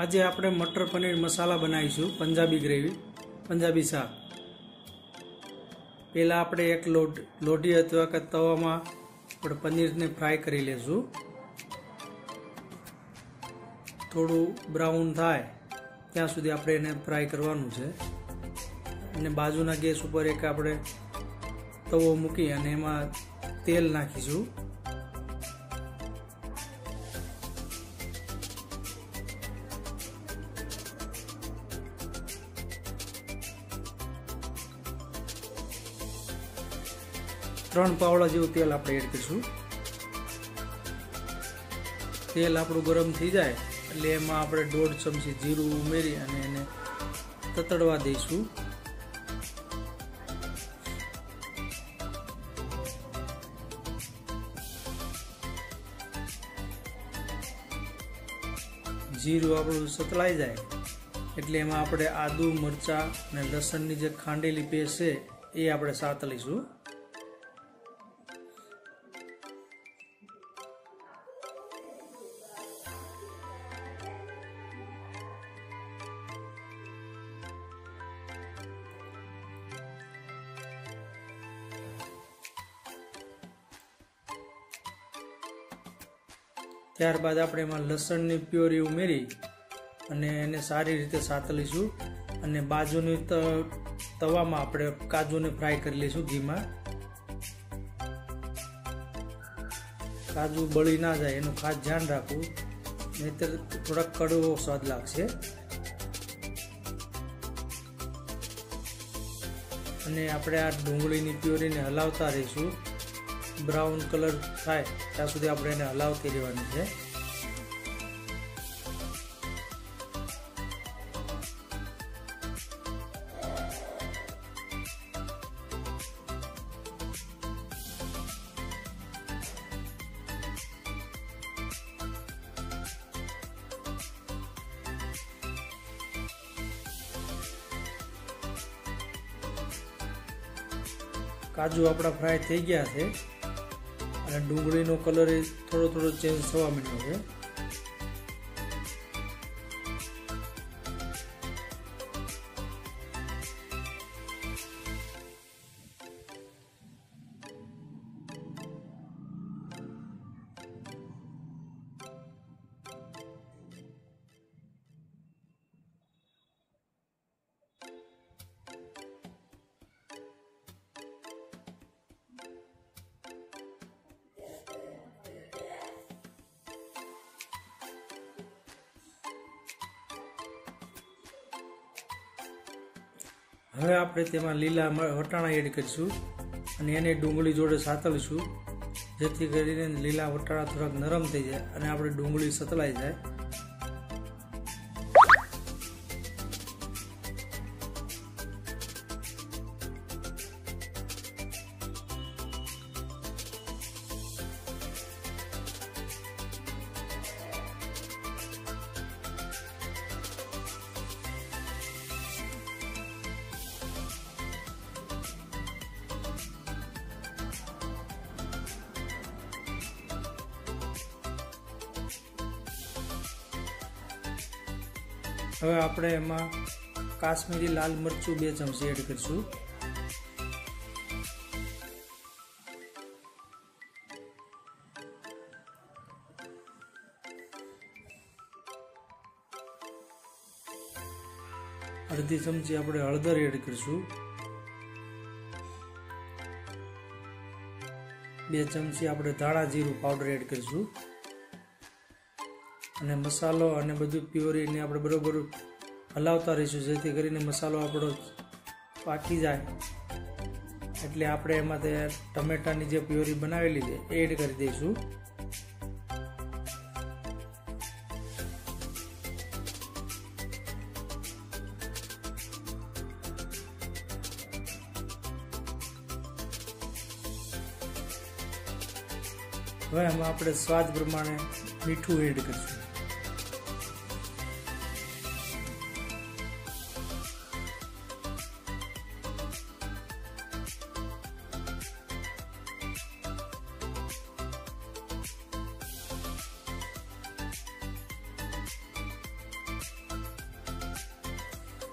આજે આપણે મટર પનીર મસાલા બનાવીશું પંજાબી ગ્રેવી પંજાબી શાક પહેલાં આપણે એક લોટ લોઢી અથવા કે તવામાં આપણે પનીરને ફ્રાય કરી લેશું થોડું બ્રાઉન થાય ત્યાં સુધી આપણે એને ફ્રાય કરવાનું છે અને બાજુના ગેસ ઉપર એક આપણે તવો મૂકી અને એમાં તેલ નાખીશું ત્રણ પાવડા જેવું તેલ આપણે એડ કરીશું તેલ આપણું ગરમ થઈ જાય એટલે એમાં આપણે દોઢ ચમચી જીરું ઉમેરી અને એને તતડવા દઈશું જીરું આપણું સતલાઈ જાય એટલે એમાં આપણે આદુ મરચાં અને લસણની જે ખાંડેલી પેસ્ટ છે એ આપણે સાત લઈશું ત્યારબાદ આપણે એમાં લસણની પ્યોરી ઉમેરી અને એને સારી રીતે સાતલીશું અને બાજુની તવામાં આપણે કાજુને ફ્રાય કરી લઈશું ઘીમાં કાજુ બળી ના જાય એનું ખાસ ધ્યાન રાખવું નહીતર થોડાક કડવો સ્વાદ લાગશે અને આપણે આ ડુંગળીની પ્યોરીને હલાવતા રહીશું બ્રાઉન કલર થાય ત્યાં સુધી આપણે એને હલાવતી દેવાની છે કાજુ આપણા ફ્રાય થઈ ગયા છે અને ડુંગળીનો કલર એ થોડો થોડો ચેન્જ થવા માંડ્યો છે હવે આપણે તેમાં લીલા વટાણા એડ કરીશું અને એને ડુંગળી જોડે સાતળીશું જેથી કરીને લીલા વટાણા થોડાક નરમ થઈ જાય અને આપણે ડુંગળી સતલાઈ જાય હવે આપણે એમાં કાશ્મીરી લાલ મરચું બે ચમચી એડ કરીશું અડધી ચમચી આપણે હળદર એડ કરીશું બે ચમચી આપણે ધાણા જીરું પાવડર એડ કરીશું અને મસાલો અને બધું પ્યોરીને આપણે બરાબર હલાવતા રહીશું જેથી કરીને મસાલો આપણો પાકી જાય એટલે આપણે એમાં તે ટમેટાની જે પ્યોરી બનાવેલી છે એડ કરી દઈશું હવે એમાં આપણે સ્વાદ પ્રમાણે મીઠું એડ કરીશું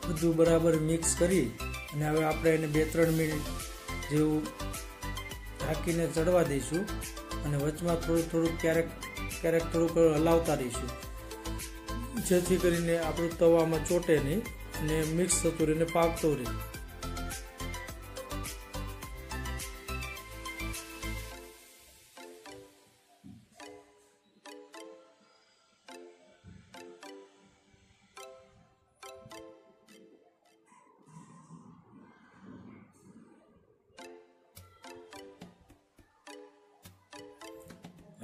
બધું બરાબર મિક્સ કરી અને હવે આપણે એને બે ત્રણ મિનિટ જેવું ઢાંકીને ચડવા દઈશું અને વચમાં થોડું થોડુંક ક્યારેક ક્યારેક થોડુંક હલાવતા દઈશું જેથી કરીને આપણું તવામાં ચોટે નહીં અને મિક્સ થતું રહીને પાકતું રહે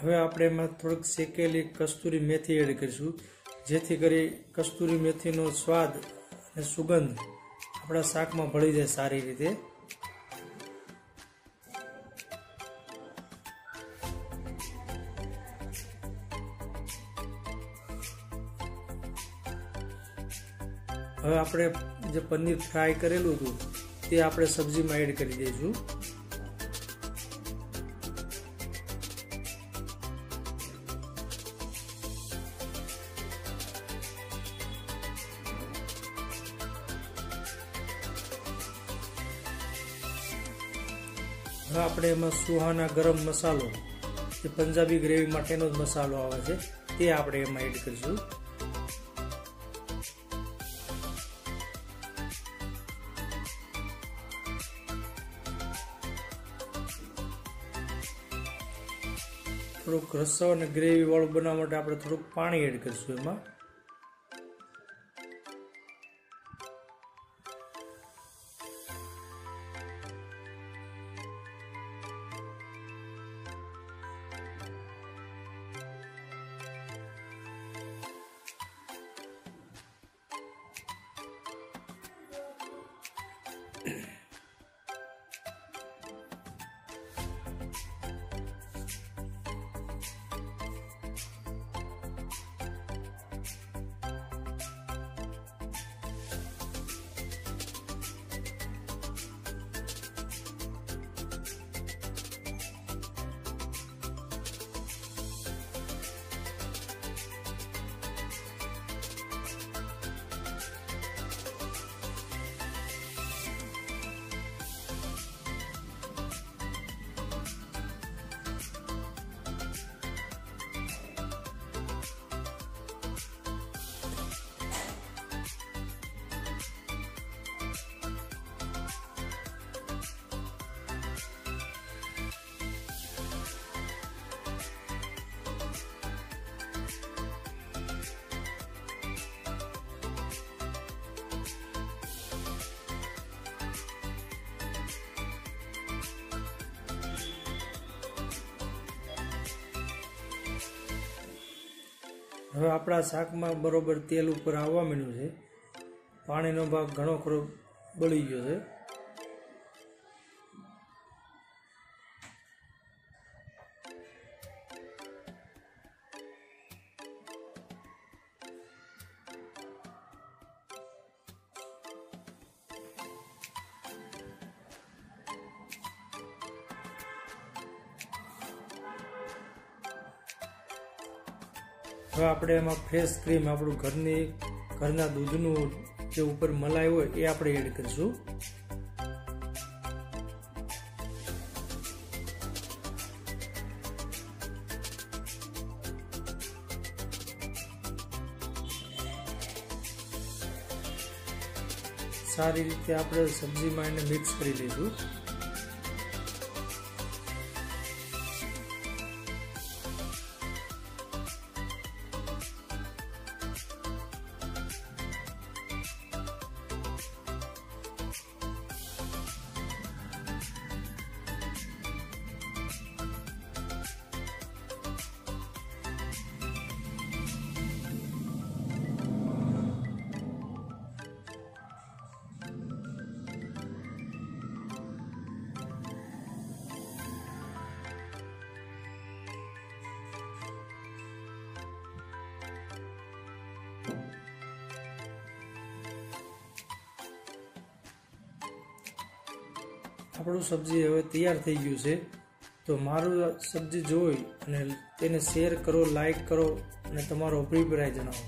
હવે આપણે એમાં થોડુંક શેકેલી કસ્તુરી મેથી એડ કરીશું જેથી કરી કસ્તુરી મેથીનો સ્વાદ અને સુગંધ આપણા શાકમાં ભળી જાય સારી રીતે હવે આપણે જે પનીર ફ્રાય કરેલું હતું તે આપણે સબ્જીમાં એડ કરી દઈશું હવે આપણે એમાં સુહાના ગરમ મસાલો જે પંજાબી ગ્રેવી માટેનો જ મસાલો આવે છે તે આપણે એમાં એડ કરીશું થોડુંક રસ્સા અને ગ્રેવી વાળું બનાવવા માટે આપણે થોડુંક પાણી એડ કરીશું એમાં Yeah. હવે આપણા શાકમાં બરાબર તેલ ઉપર આવવા માંડ્યું છે પાણીનો ભાગ ઘણો ખરો બળી ગયો છે હવે આપણે એમાં ફ્રેશ ક્રીમ આપણું ઘરની ઘરના દૂધનું જે ઉપર મલાઈ હોય એ આપણે એડ કરીશું સારી રીતે આપણે સબ્જીમાં એને મિક્સ કરી લઈશું આપણું સબ્જી હવે તૈયાર થઈ ગયું છે તો મારું સબ્જી જોઈ અને તેને શેર કરો લાઇક કરો અને તમારો અભિપ્રાય જણાવો